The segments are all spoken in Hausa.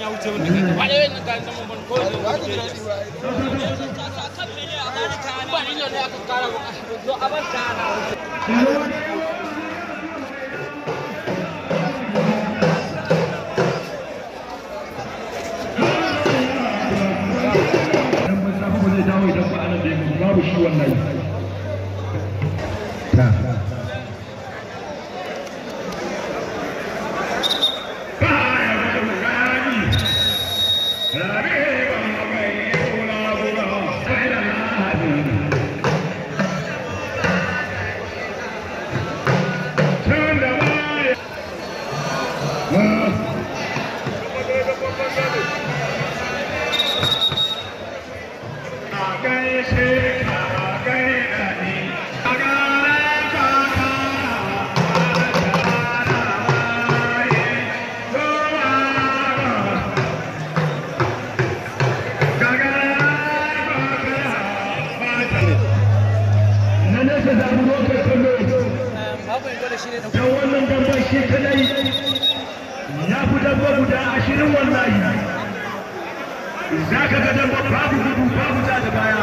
ya wuce wanda kai ba da wannan kayan zaman ban ko da ba ni ne ne aka kara babu shi wannan gagadar babu gudu babu ja da baya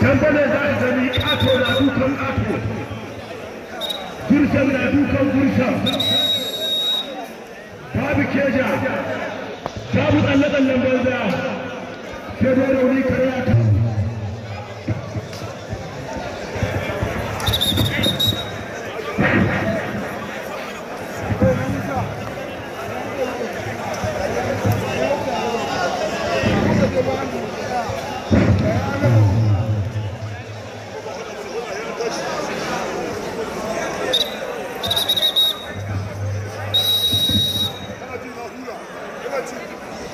tambale za a zami kato na dukan kato gurshen na dukan gurshen babu keja babu tsalle-tsallen banza sai dai rauni kare a kan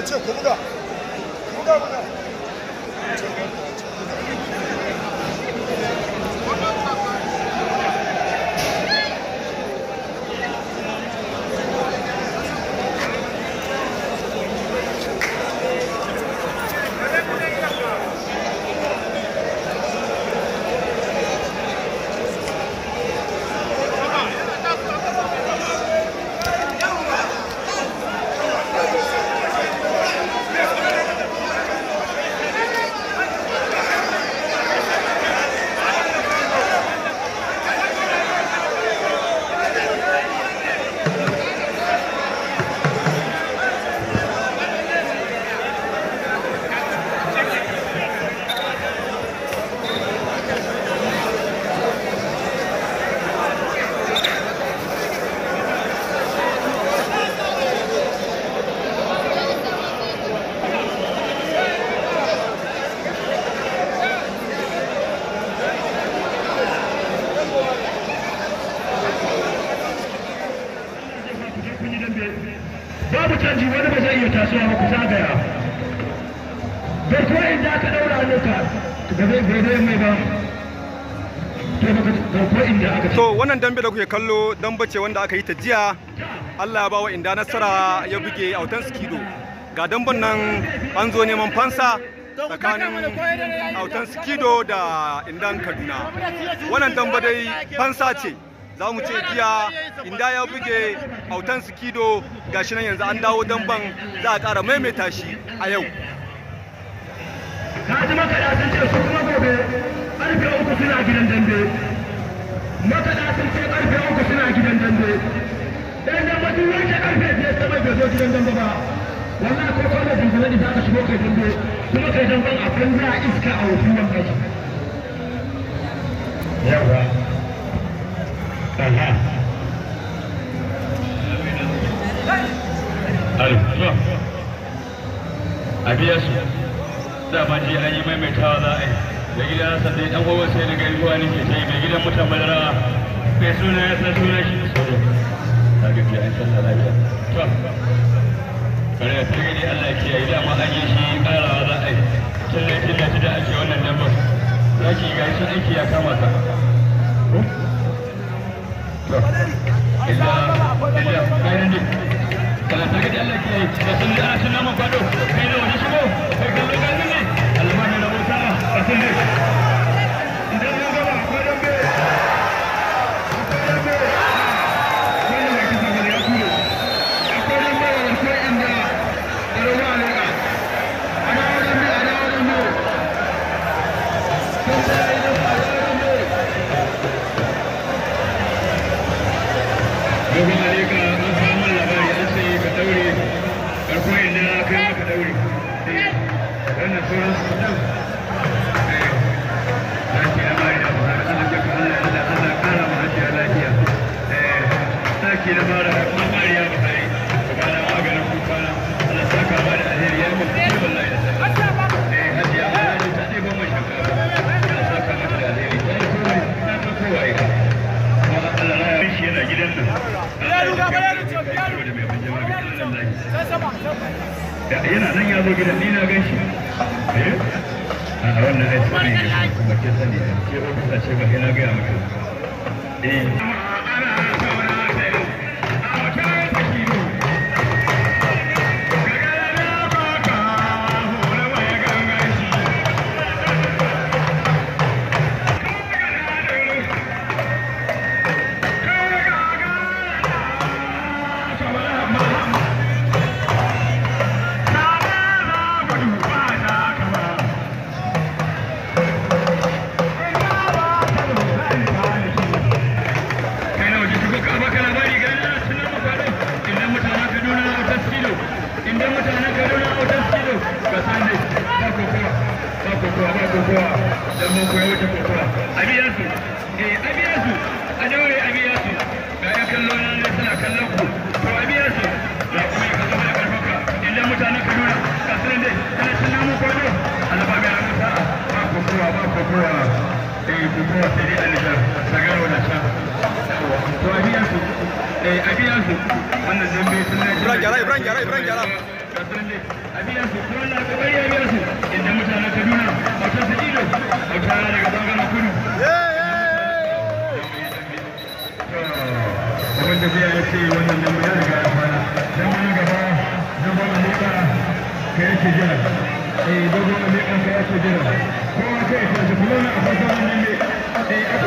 这这顾不着。canji wani ba zai yi tasowa ba ku zagaya bai ko inda aka daura da zai bai mai ba to wannan dambe da kuke kallo dambe ce wanda aka yi ta jiya Allah ya ba wa inda nasara ya buge autan skido ga damban nan an zo neman fansa tsakanin autan skido da indan kaduna wannan damba dai fansa ce za mu ce jiya inda ya buge autan sikido gashi nan yanzu an dawo damban za a ƙara maimaita shi a yau na ji makaɗa sun ce su kuma gobe ƙarfe uku suna gidan dambe makaɗa sun ce ƙarfe uku suna gidan dambe dan dambe duk wanda ƙarfe biyar sama bai zo gidan dambe ba wallahi ko kwana dangane da za ka shigo kai dambe kuma kai dambe a banza iska a wasu wannan yawa Salah. Alfa. Abiya su. Dama ji an yi maimaitawa za a yi. Da gida na sanda ɗan gwagwa sai daga yi ruwa nake ta sai mai gidan mutan madara. Mai suna ya san suna shi. Ta gaji an san lafiya. To. Kare da take ne Allah ke yi dama an yi shi ƙarawa za a yi. Tallafi na shi da ake wannan dambar. Zaki ga shi aiki ya kama ta. Kalau sakit Allah kita, kalau sudah sudah nama padu, kalau di semua. yana nan ya zo gidan ni na ya sani ce gaya maka eh. kowa to su eh su wannan dambe sun ibran ibran su su mutanen kaduna su daga bangaren kudu ya ce wannan dambe ya riga fara dan wani gaba dogon alika ka yake jira eh dogon jira kowa sai ya tashi bulon a fasa wannan ne